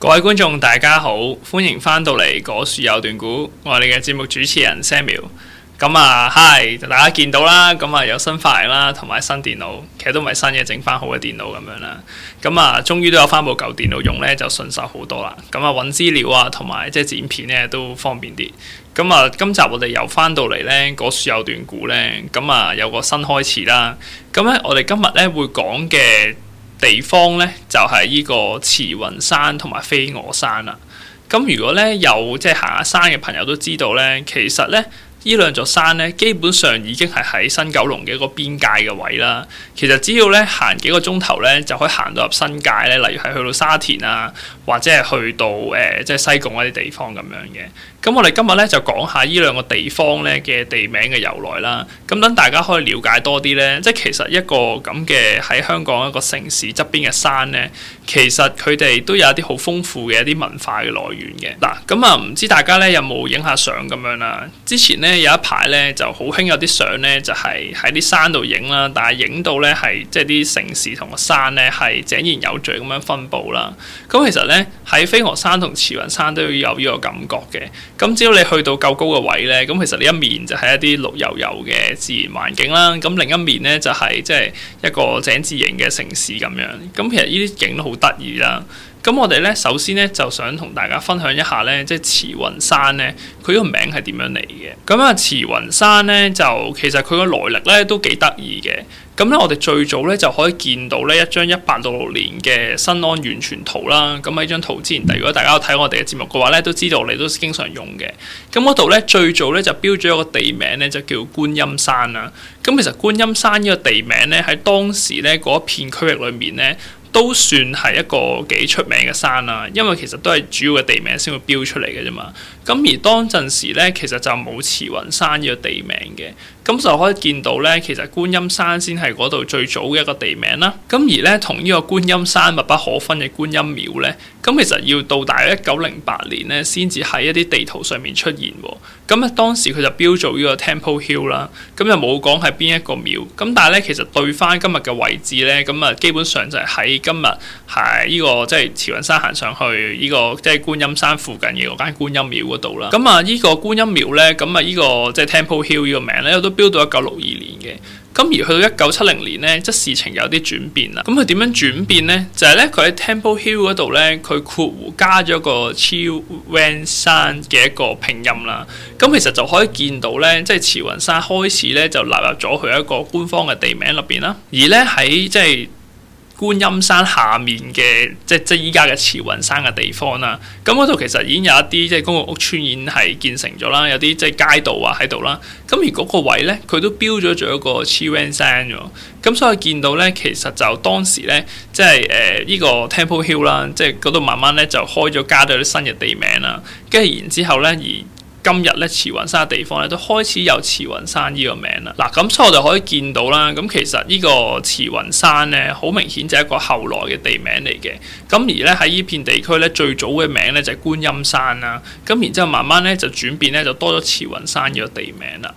各位觀眾大家好，歡迎翻到嚟《箇處有段故》，我哋嘅節目主持人 Samuel。咁啊，Hi，大家見到啦，咁啊有新髮型啦，同埋新電腦，其實都唔係新嘢，整翻好嘅電腦咁樣啦。咁啊，終於都有翻部舊電腦用咧，就順手好多啦。咁啊，揾資料啊，同埋即係剪片咧都方便啲。咁啊，今集我哋又翻到嚟咧，《箇處有段故》咧，咁啊有個新開始啦。咁咧，我哋今日咧會講嘅。地方咧就係呢個慈雲山同埋飛鵝山啦。咁如果咧有即係行下山嘅朋友都知道咧，其實咧。呢兩座山咧，基本上已經係喺新九龍嘅一個邊界嘅位啦。其實只要咧行幾個鐘頭咧，就可以行到入新界咧，例如係去到沙田啊，或者係去到誒、呃，即係西貢嗰啲地方咁樣嘅。咁我哋今日咧就講下呢兩個地方咧嘅地名嘅由來啦。咁等大家可以了解多啲咧，即係其實一個咁嘅喺香港一個城市側邊嘅山咧，其實佢哋都有一啲好豐富嘅一啲文化嘅來源嘅。嗱，咁啊唔知大家咧有冇影下相咁樣啦？之前咧。有一排咧就好興有啲相咧，就係喺啲山度影啦，但係影到咧係即係啲城市同個山咧係井然有序咁樣分布啦。咁其實咧喺飛鵝山同慈雲山都要有呢個感覺嘅。咁只要你去到夠高嘅位咧，咁其實你一面就係一啲綠油油嘅自然環境啦，咁另一面咧就係即係一個井字形嘅城市咁樣。咁其實呢啲景都好得意啦。咁我哋咧，首先咧就想同大家分享一下咧，即係慈雲山咧，佢呢個名係點樣嚟嘅？咁啊，慈雲山咧，就其實佢個來歷咧都幾得意嘅。咁咧，我哋最早咧就可以見到咧一張一八六六年嘅新安完全圖啦。咁喺張圖之前，如果大家有睇我哋嘅節目嘅話咧，都知道我哋都經常用嘅。咁嗰度咧，最早咧就標咗一個地名咧，就叫觀音山啦。咁其實觀音山呢個地名咧，喺當時咧嗰一片區域裏面咧，都算係一個幾出名嘅山啦，因為其實都係主要嘅地名先會標出嚟嘅啫嘛。咁而當陣時咧，其實就冇慈雲山呢個地名嘅，咁就可以見到咧，其實觀音山先係嗰度最早嘅一個地名啦。咁而咧同呢個觀音山密不可分嘅觀音廟咧，咁其實要到大約一九零八年咧，先至喺一啲地圖上面出現。咁啊，當時佢就標做呢個 Temple Hill 啦，咁就冇講係邊一個廟。咁但係咧，其實對翻今日嘅位置咧，咁啊基本上就係喺。今日係呢個即係、就是、慈雲山行上去、這個，呢個即係觀音山附近嘅嗰間觀音廟嗰度啦。咁啊，呢個觀音廟咧，咁啊呢個即係、就是、Temple Hill 呢個名咧，都標到一九六二年嘅。咁而去到一九七零年咧，即係事情有啲轉變啦。咁佢點樣轉變咧？就係、是、咧，佢喺 Temple Hill 嗰度咧，佢括弧加咗個 Tsz Wan 山嘅一個拼音啦。咁其實就可以見到咧，即、就、係、是、慈雲山開始咧就納入咗佢一個官方嘅地名入邊啦。而咧喺即係。觀音山下面嘅即係即係依家嘅慈雲山嘅地方啦，咁嗰度其實已經有一啲即係公共屋邨已經係建成咗啦，有啲即係街道啊喺度啦，咁而嗰個位咧佢都標咗咗一個慈雲山咗，咁所以見到咧其實就當時咧即係誒呢個 Temple Hill 啦，即係嗰度慢慢咧就開咗加咗啲新嘅地名啦，跟住然之後咧而。今日咧慈雲山嘅地方咧都開始有慈雲山呢個名啦，嗱、啊、咁、嗯、所以我就可以見到啦，咁、嗯、其實個雲呢個慈雲山咧好明顯就係一個後來嘅地名嚟嘅，咁、嗯、而咧喺呢片地區咧最早嘅名咧就係觀音山啦、啊，咁、嗯、然之後慢慢咧就轉變咧就多咗慈雲山呢個地名啦。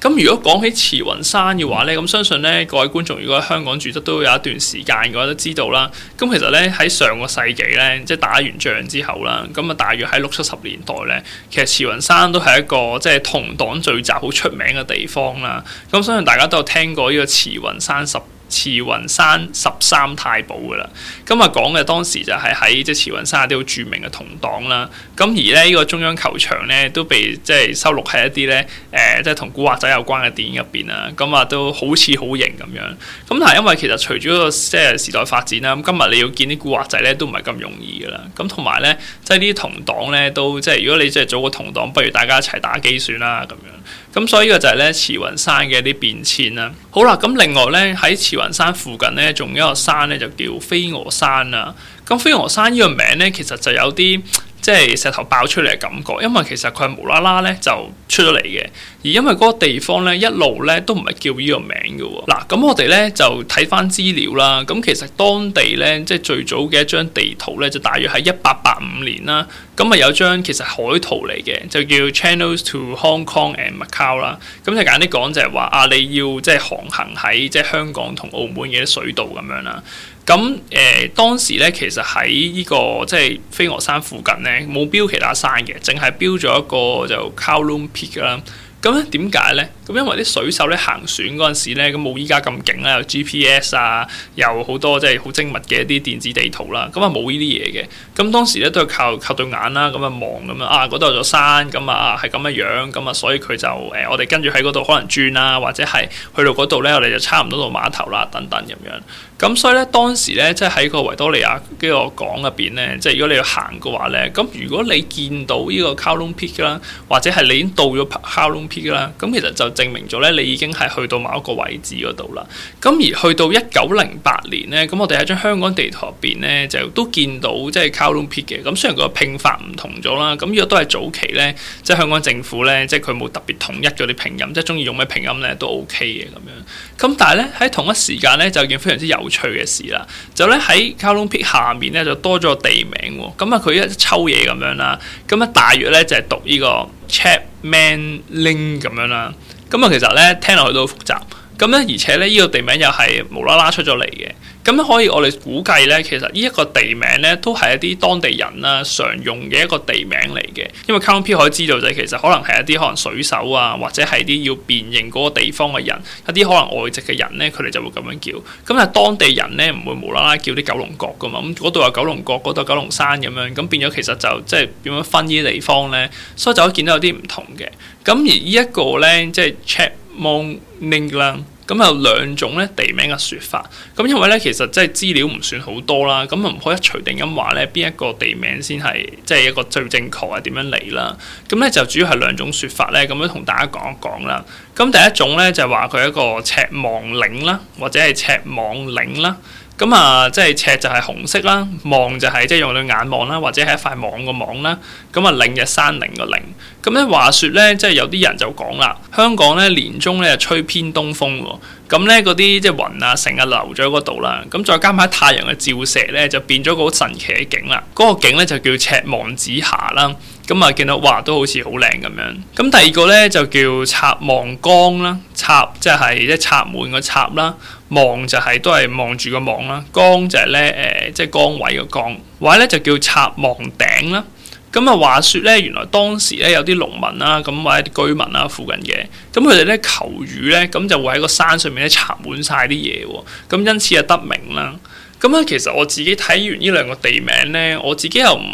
咁如果講起慈雲山嘅話咧，咁相信咧各位觀眾如果喺香港住得都有一段時間嘅話，都知道啦。咁其實咧喺上個世紀咧，即係打完仗之後啦，咁啊，大約喺六七十年代咧，其實慈雲山都係一個即係童黨聚集好出名嘅地方啦。咁相信大家都有聽過呢個慈雲山十慈雲山十三太保噶啦，今日講嘅當時就係喺即係慈雲山有啲好著名嘅同黨啦。咁而咧呢、這個中央球場咧都被即係收錄喺一啲咧誒，即係同、呃、古惑仔有關嘅電影入邊啦。咁、嗯、啊都好似好型咁樣。咁但係因為其實隨住嗰個即係時代發展啦，咁今日你要見啲古惑仔咧都唔係咁容易噶啦。咁同埋咧，即係呢啲同黨咧都即係如果你即係做個同黨，不如大家一齊打機算啦咁樣。咁、嗯、所以呢個就係咧慈雲山嘅一啲變遷啦。好啦，咁另外咧喺慈雲山附近咧，仲有一個山咧，就叫飛鵝山啦、啊。咁飛鵝山呢個名咧，其實就有啲～即係石頭爆出嚟嘅感覺，因為其實佢係無啦啦咧就出咗嚟嘅，而因為嗰個地方咧一路咧都唔係叫呢個名嘅喎、哦。嗱，咁我哋咧就睇翻資料啦。咁其實當地咧即係最早嘅一張地圖咧，就大約喺一八八五年啦。咁啊有一張其實海圖嚟嘅，就叫 Channels to Hong Kong and Macau 啦。咁就簡單啲講，就係話啊，你要即係航行喺即係香港同澳門嘅水道咁樣啦。咁誒、呃，當時咧，其實喺依、這個即係飛鵝山附近咧，冇標其他山嘅，淨係標咗一個就 Kowloon Peak 啦。咁咧點解咧？咁因為啲水手咧，行船嗰陣時咧，咁冇依家咁勁啦，有 GPS 啊，有好多即係好精密嘅一啲電子地圖啦，咁啊冇呢啲嘢嘅。咁當時咧都係靠靠對眼啦，咁啊望咁樣啊嗰度有座山，咁啊係咁嘅樣，咁啊所以佢就誒、呃、我哋跟住喺嗰度可能轉啦，或者係去到嗰度咧，我哋就差唔多到碼頭啦等等咁樣。咁所以咧當時咧即係喺個維多利亞呢個港入邊咧，即係如果你要行嘅話咧，咁如果你見到呢個 Kowloon Peak 啦，或者係你已經到咗 Kowloon 啦，咁其實就證明咗咧，你已經係去到某一個位置嗰度啦。咁而去到一九零八年咧，咁我哋喺張香港地圖入邊咧，就都見到即係 Kowloon Peak 嘅。咁雖然個拼法唔同咗啦，咁呢個都係早期咧，即係香港政府咧，即係佢冇特別統一嗰啲拼音，即係中意用咩拼音咧都 O K 嘅咁樣。咁但係咧喺同一時間咧，就有一件非常之有趣嘅事啦。就咧喺 Kowloon Peak 下面咧就多咗個地名。咁啊，佢一抽嘢，咁樣啦。咁啊，大約咧就係讀呢個。chat man link 咁樣啦，咁啊其實咧聽落去都好複雜。咁咧，而且咧，呢個地名又係無啦啦出咗嚟嘅。咁可以我哋估計咧，其實呢一,一個地名咧，都係一啲當地人啦常用嘅一個地名嚟嘅。因為卡通 m p 可以知道就係其實可能係一啲可能水手啊，或者係啲要辨認嗰個地方嘅人，一啲可能外籍嘅人咧，佢哋就會咁樣叫。咁但係當地人咧唔會無啦啦叫啲九龍角噶嘛。咁嗰度有九龍角，嗰度九龍山咁樣，咁變咗其實就即係點樣分呢啲地方咧，所以就見到有啲唔同嘅。咁而呢一個咧，即係 check。望嶺啦，咁有兩種咧地名嘅説法，咁因為咧其實即係資料唔算好多啦，咁啊唔可以一隨便咁話咧邊一個地名先係即係一個最正確啊點樣嚟啦，咁咧就主要係兩種説法咧，咁樣同大家講一講啦。咁第一種咧就係話佢係一個赤望嶺啦，或者係赤望嶺啦。咁啊，即、就、係、是、赤就係紅色啦，望就係即係用對眼望啦，或者係一塊網個網啦。咁啊，嶺日山嶺個嶺。咁咧話説咧，即係有啲人就講啦，香港咧年中咧吹偏東風喎。咁咧嗰啲即係雲啊，成日、啊、流咗嗰度啦。咁再加埋太陽嘅照射咧，就變咗個神奇嘅景啦。嗰、那個景咧就叫赤望紫霞啦。咁啊，見到哇都好似好靚咁樣。咁第二個咧就叫插望江啦、啊，插即係即插滿個插啦。望就係、是、都係望住個望啦，崗就係咧誒，即係崗位嘅崗，位咧就叫插望頂啦。咁啊話説咧，原來當時咧有啲農民啦，咁或者啲居民啦，附近嘅，咁佢哋咧求雨咧，咁就會喺個山上面咧插滿晒啲嘢喎，咁因此啊得名啦。咁咧，其實我自己睇完呢兩個地名咧，我自己又唔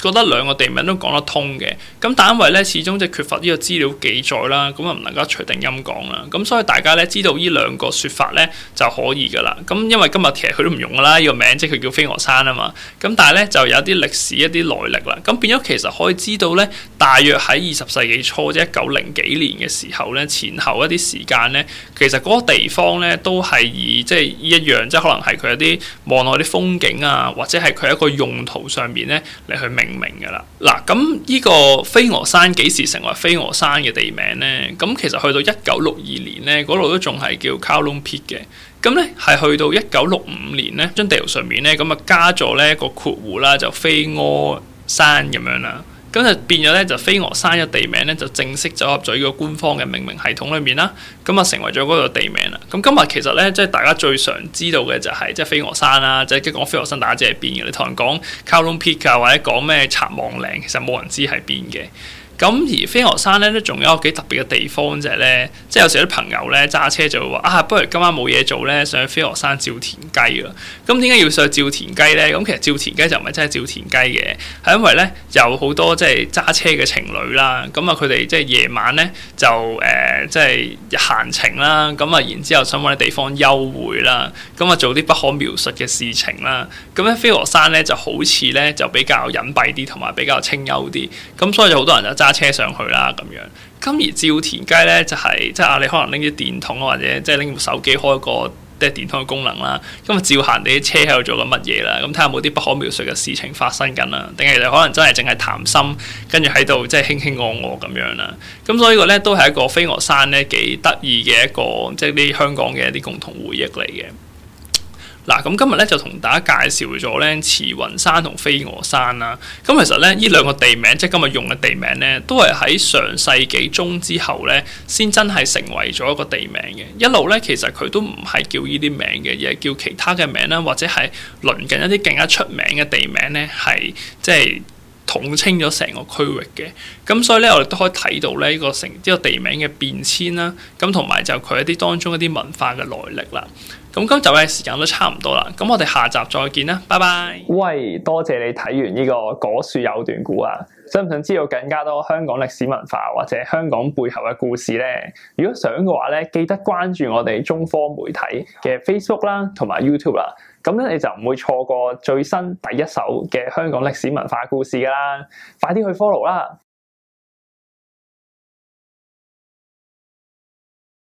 覺得兩個地名都講得通嘅。咁但係因為咧，始終即係缺乏呢個資料記載啦，咁啊唔能夠隨定音講啦。咁所以大家咧知道呢兩個說法咧就可以㗎啦。咁因為今日其實佢都唔用㗎啦，呢個名即係佢叫飛鵝山啊嘛。咁但係咧就有啲歷史一啲來歷啦。咁變咗其實可以知道咧，大約喺二十世紀初即係一九零幾年嘅時候咧，前後一啲時間咧，其實嗰個地方咧都係以即係呢一樣，即係可能係佢一啲。望落啲風景啊，或者係佢一個用途上面咧，嚟去命名噶啦。嗱，咁呢個飛鵝山幾時成為飛鵝山嘅地名咧？咁其實去到一九六二年咧，嗰度都仲係叫 Kowloon Peak 嘅。咁咧係去到一九六五年咧，張地圖上面咧，咁啊加咗咧個括弧啦，就飛鵝山咁樣啦。咁就變咗咧，就飛鵝山嘅地名咧，就正式走入咗呢個官方嘅命名系統裏面啦。咁、嗯、啊，成為咗嗰個地名啦。咁、嗯、今日其實咧，即係大家最常知道嘅就係、是、即係飛鵝山啦、啊，即係講飛鵝山大家知係邊嘅？你同人講 Kowloon Peak 啊，或者講咩察望嶺，其實冇人知係邊嘅。咁而飛鵝山咧都仲有一個幾特別嘅地方就係咧，即係有時啲朋友咧揸車就會話：啊，不如今晚冇嘢做咧，想去飛鵝山照田雞啦！咁點解要上去照田雞咧？咁其實照田雞就唔係真係照田雞嘅，係因為咧有好多即係揸車嘅情侶啦，咁啊佢哋即係夜晚咧就誒即係閒情啦，咁啊然之後想揾啲地方幽會啦，咁啊做啲不可描述嘅事情啦，咁咧飛鵝山咧就好似咧就比較隱蔽啲，同埋比較清幽啲，咁所以就好多人就揸揸車上去啦，咁樣。咁而照田雞咧，就係即係啊，你可能拎啲電筒或者即係拎部手機開個即係電筒嘅功能啦。咁啊照行你啲車喺度做緊乜嘢啦？咁睇下冇啲不可描述嘅事情發生緊啦。啊，定係就可能真係淨係談心，跟住喺度即係卿卿我我咁樣啦。咁、就是啊啊啊、所以個咧都係一個飛鵝山咧幾得意嘅一個，即係啲香港嘅一啲共同回憶嚟嘅。嗱，咁今日咧就同大家介紹咗咧慈雲山同飛鵝山啦。咁其實咧，呢兩個地名，即係今日用嘅地名咧，都係喺上世紀中之後咧，先真係成為咗一個地名嘅。一路咧，其實佢都唔係叫呢啲名嘅，而係叫其他嘅名啦，或者係鄰近一啲更加出名嘅地名咧，係即係統稱咗成個區域嘅。咁所以咧，我哋都可以睇到咧呢個成呢個地名嘅變遷啦。咁同埋就佢一啲當中一啲文化嘅來歷啦。咁今集嘅時間都差唔多啦，咁我哋下集再見啦，拜拜！喂，多謝你睇完呢個箇處有段故啊！想唔想知道更加多香港歷史文化或者香港背後嘅故事咧？如果想嘅話咧，記得關注我哋中科媒體嘅 Facebook 啦，同埋 YouTube 啦，咁咧你就唔會錯過最新第一手嘅香港歷史文化故事噶啦，快啲去 follow 啦！